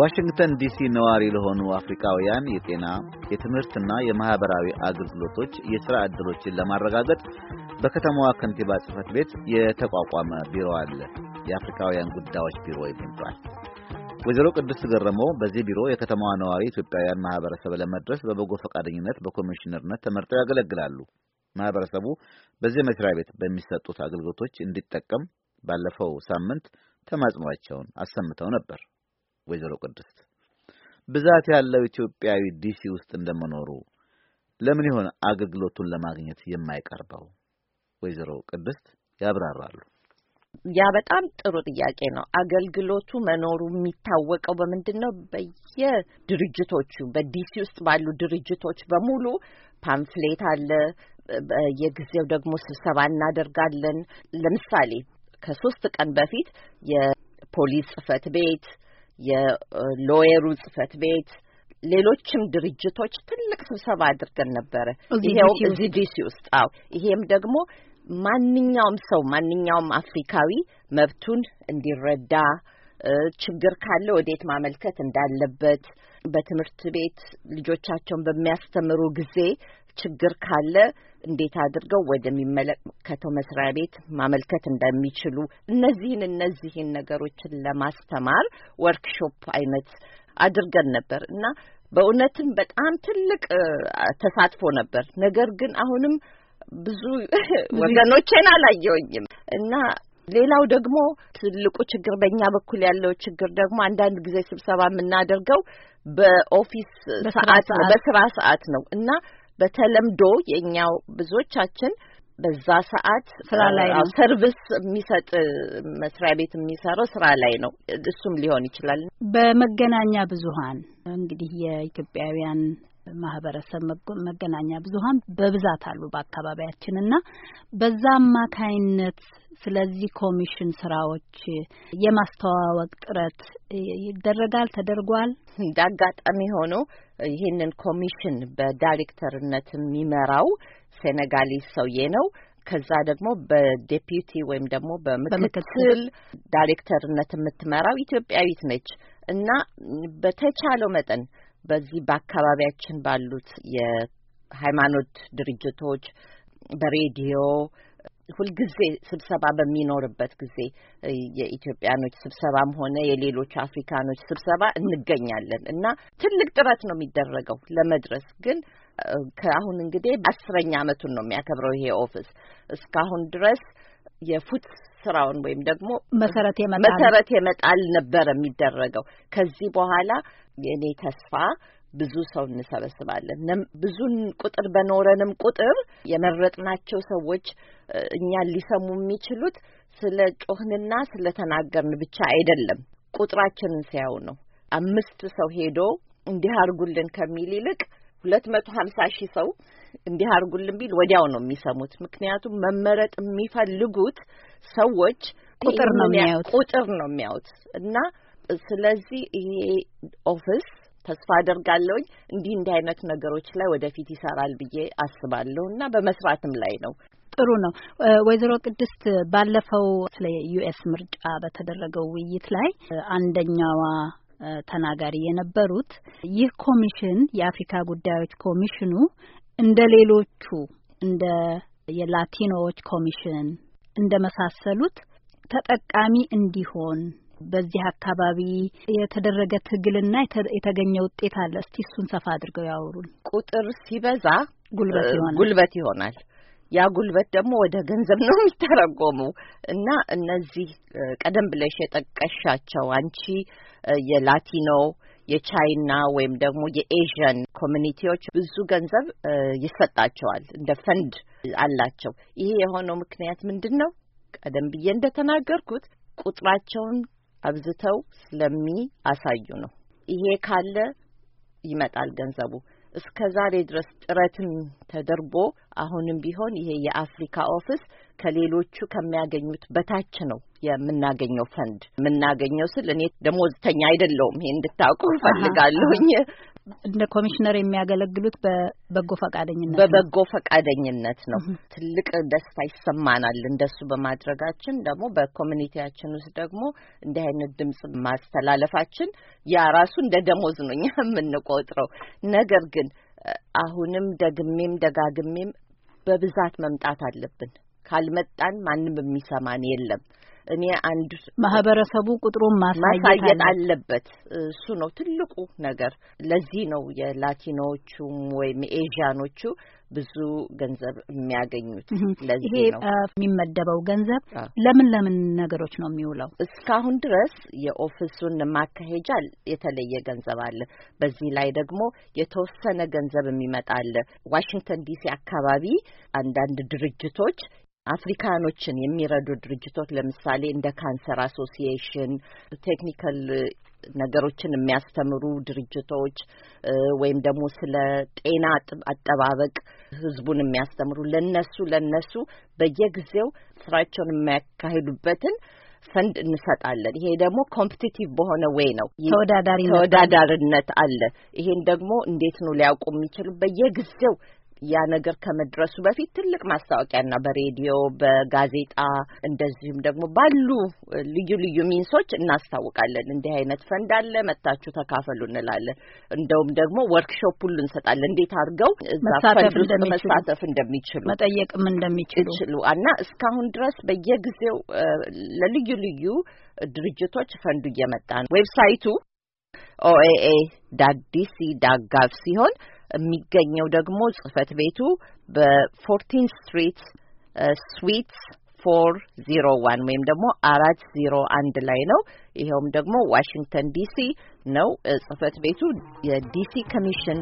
ዋሽንግተን ዲሲ ነዋሪ ለሆኑ አፍሪካውያን የጤና የትምህርትና የማህበራዊ አገልግሎቶች የሥራ ዕድሎችን ለማረጋገጥ በከተማዋ ከንቲባ ጽሕፈት ቤት የተቋቋመ ቢሮ አለ። የአፍሪካውያን ጉዳዮች ቢሮ ይባላል። ወይዘሮ ቅድስት ገረመው በዚህ ቢሮ የከተማዋ ነዋሪ ኢትዮጵያውያን ማህበረሰብ ለመድረስ በበጎ ፈቃደኝነት በኮሚሽነርነት ተመርጠው ያገለግላሉ። ማህበረሰቡ በዚህ መስሪያ ቤት በሚሰጡት አገልግሎቶች እንዲጠቀም ባለፈው ሳምንት ተማጽኗቸውን አሰምተው ነበር። ወይዘሮ ቅድስት ብዛት ያለው ኢትዮጵያዊ ዲሲ ውስጥ እንደመኖሩ ለምን ይሆን አገልግሎቱን ለማግኘት የማይቀርበው? ወይዘሮ ቅድስት ያብራራሉ። ያ በጣም ጥሩ ጥያቄ ነው። አገልግሎቱ መኖሩ የሚታወቀው በምንድን ነው? በየድርጅቶቹ በዲሲ ውስጥ ባሉ ድርጅቶች በሙሉ ፓምፍሌት አለ። በየጊዜው ደግሞ ስብሰባ እናደርጋለን። ለምሳሌ ከሶስት ቀን በፊት የፖሊስ ጽህፈት ቤት፣ የሎየሩ ጽህፈት ቤት ሌሎችም ድርጅቶች ትልቅ ስብሰባ አድርገን ነበረ። ይሄው እዚህ ዲሲ ውስጥ አዎ። ይሄም ደግሞ ማንኛውም ሰው ማንኛውም አፍሪካዊ መብቱን እንዲረዳ ችግር ካለ ወዴት ማመልከት እንዳለበት በትምህርት ቤት ልጆቻቸውን በሚያስተምሩ ጊዜ ችግር ካለ እንዴት አድርገው ወደሚመለከተው መስሪያ ቤት ማመልከት እንደሚችሉ እነዚህን እነዚህን ነገሮችን ለማስተማር ወርክሾፕ አይነት አድርገን ነበር እና በእውነትም በጣም ትልቅ ተሳትፎ ነበር። ነገር ግን አሁንም ብዙ ወገኖቼን አላየውኝም እና ሌላው ደግሞ ትልቁ ችግር በእኛ በኩል ያለው ችግር ደግሞ አንዳንድ ጊዜ ስብሰባ የምናደርገው በኦፊስ ሰዓት ነው፣ በስራ ሰዓት ነው እና በተለምዶ የእኛው ብዙዎቻችን በዛ ሰዓት ስራ ላይ ነው። ሰርቪስ የሚሰጥ መስሪያ ቤት የሚሰራው ስራ ላይ ነው። እሱም ሊሆን ይችላል። በመገናኛ ብዙኃን እንግዲህ የኢትዮጵያውያን ማህበረሰብ መገናኛ ብዙሀን በብዛት አሉ በአካባቢያችን እና በዛ አማካይነት ስለዚህ ኮሚሽን ስራዎች የማስተዋወቅ ጥረት ይደረጋል ተደርጓል። እንደ አጋጣሚ ሆኖ ይህንን ኮሚሽን በዳይሬክተርነት የሚመራው ሴኔጋሊ ሰውዬ ነው። ከዛ ደግሞ በዴፒቲ ወይም ደግሞ በምክትል ዳይሬክተርነት የምትመራው ኢትዮጵያዊት ነች እና በተቻለው መጠን በዚህ በአካባቢያችን ባሉት የሃይማኖት ድርጅቶች በሬዲዮ ሁልጊዜ ስብሰባ በሚኖርበት ጊዜ የኢትዮጵያኖች ስብሰባም ሆነ የሌሎች አፍሪካኖች ስብሰባ እንገኛለን እና ትልቅ ጥረት ነው የሚደረገው ለመድረስ ግን ከአሁን እንግዲህ አስረኛ አመቱን ነው የሚያከብረው ይሄ ኦፊስ እስካሁን ድረስ የፉት ስራውን ወይም ደግሞ መሰረት መሰረት የመጣል ነበር የሚደረገው። ከዚህ በኋላ የእኔ ተስፋ ብዙ ሰው እንሰበስባለን። ብዙን ቁጥር በኖረንም ቁጥር የመረጥናቸው ሰዎች እኛን ሊሰሙ የሚችሉት ስለ ጮህንና ስለ ተናገርን ብቻ አይደለም። ቁጥራችንን ሲያዩ ነው። አምስት ሰው ሄዶ እንዲህ አድርጉልን ከሚል ይልቅ ሁለት መቶ ሀምሳ ሺህ ሰው እንዲህ አድርጉልን ቢል ወዲያው ነው የሚሰሙት። ምክንያቱም መመረጥ የሚፈልጉት ሰዎች ቁጥር ነው የሚያዩት ቁጥር ነው የሚያዩት እና ስለዚህ ይሄ ኦፊስ ተስፋ አደርጋለሁኝ እንዲህ እንዲህ አይነት ነገሮች ላይ ወደፊት ይሰራል ብዬ አስባለሁ እና በመስራትም ላይ ነው። ጥሩ ነው። ወይዘሮ ቅድስት ባለፈው ስለ ዩኤስ ምርጫ በተደረገው ውይይት ላይ አንደኛዋ ተናጋሪ የነበሩት ይህ ኮሚሽን የአፍሪካ ጉዳዮች ኮሚሽኑ እንደ ሌሎቹ እንደ የላቲኖዎች ኮሚሽን እንደ መሳሰሉት ተጠቃሚ እንዲሆን በዚህ አካባቢ የተደረገ ትግልና የተገኘ ውጤት አለ። እስቲ እሱን ሰፋ አድርገው ያወሩን። ቁጥር ሲበዛ ጉልበት ይሆናል ጉልበት ይሆናል። ያ ጉልበት ደግሞ ወደ ገንዘብ ነው የሚተረጎሙ እና እነዚህ ቀደም ብለሽ የጠቀሻቸው አንቺ የላቲኖ የቻይና ወይም ደግሞ የኤዥያን ኮሚኒቲዎች ብዙ ገንዘብ ይሰጣቸዋል፣ እንደ ፈንድ አላቸው። ይሄ የሆነው ምክንያት ምንድን ነው? ቀደም ብዬ እንደተናገርኩት ቁጥራቸውን አብዝተው ስለሚያሳዩ ነው። ይሄ ካለ ይመጣል ገንዘቡ። እስከ ዛሬ ድረስ ጥረትም ተደርጎ አሁንም ቢሆን ይሄ የአፍሪካ ኦፊስ ከሌሎቹ ከሚያገኙት በታች ነው የምናገኘው ፈንድ የምናገኘው ስል እኔ ደሞዝተኛ አይደለውም። ይሄ እንድታውቁ እፈልጋለሁኝ። እንደ ኮሚሽነር የሚያገለግሉት በበጎ ፈቃደኝነት በበጎ ፈቃደኝነት ነው። ትልቅ ደስታ ይሰማናል እንደሱ በማድረጋችን። ደግሞ በኮሚኒቲያችን ውስጥ ደግሞ እንዲህ አይነት ድምጽ ማስተላለፋችን ያ ራሱ እንደ ደሞዝ ነው እኛ የምንቆጥረው። ነገር ግን አሁንም ደግሜም ደጋግሜም በብዛት መምጣት አለብን። ካልመጣን ማንም የሚሰማን የለም። እኔ አንድ ማህበረሰቡ ቁጥሩን ማሳየት አለበት። እሱ ነው ትልቁ ነገር። ለዚህ ነው የላቲኖቹም ወይም ኤዥያኖቹ ብዙ ገንዘብ የሚያገኙት። ለዚህ ነው የሚመደበው ገንዘብ ለምን ለምን ነገሮች ነው የሚውለው? እስካሁን ድረስ የኦፊሱን ማካሄጃ የተለየ ገንዘብ አለ። በዚህ ላይ ደግሞ የተወሰነ ገንዘብ የሚመጣ አለ። ዋሽንግተን ዲሲ አካባቢ አንዳንድ ድርጅቶች አፍሪካኖችን የሚረዱ ድርጅቶች ለምሳሌ እንደ ካንሰር አሶሲዬሽን ቴክኒካል ነገሮችን የሚያስተምሩ ድርጅቶች ወይም ደግሞ ስለ ጤና አጠባበቅ ህዝቡን የሚያስተምሩ ለነሱ ለነሱ በየጊዜው ስራቸውን የሚያካሂዱበትን ፈንድ እንሰጣለን። ይሄ ደግሞ ኮምፒቲቲቭ በሆነ ወይ ነው፣ ተወዳዳሪነት አለ። ይሄን ደግሞ እንዴት ነው ሊያውቁ የሚችሉ በየጊዜው ያ ነገር ከመድረሱ በፊት ትልቅ ማስታወቂያና በሬዲዮ በጋዜጣ እንደዚሁም ደግሞ ባሉ ልዩ ልዩ ሚንሶች እናስታውቃለን። እንዲህ አይነት ፈንድ አለ፣ መታችሁ ተካፈሉ እንላለን። እንደውም ደግሞ ወርክሾፕ ሁሉ እንሰጣለን፣ እንዴት አድርገው መሳተፍ እንደሚችሉ መጠየቅም እንደሚችሉ እና እስካሁን ድረስ በየጊዜው ለልዩ ልዩ ድርጅቶች ፈንዱ እየመጣ ነው። ዌብሳይቱ ኦኤኤ ዳት ዲሲ ዳት ጋቭ ሲሆን የሚገኘው ደግሞ ጽህፈት ቤቱ በፎርቲን ስትሪት ስዊት ፎር ዚሮ ዋን ወይም ደግሞ አራት ዜሮ አንድ ላይ ነው። ይኸውም ደግሞ ዋሽንግተን ዲሲ ነው። ጽህፈት ቤቱ የዲሲ ኮሚሽን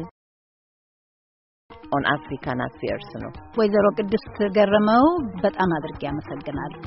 ኦን አፍሪካን አፌርስ ነው። ወይዘሮ ቅድስት ገረመው በጣም አድርጌ አመሰግናለሁ።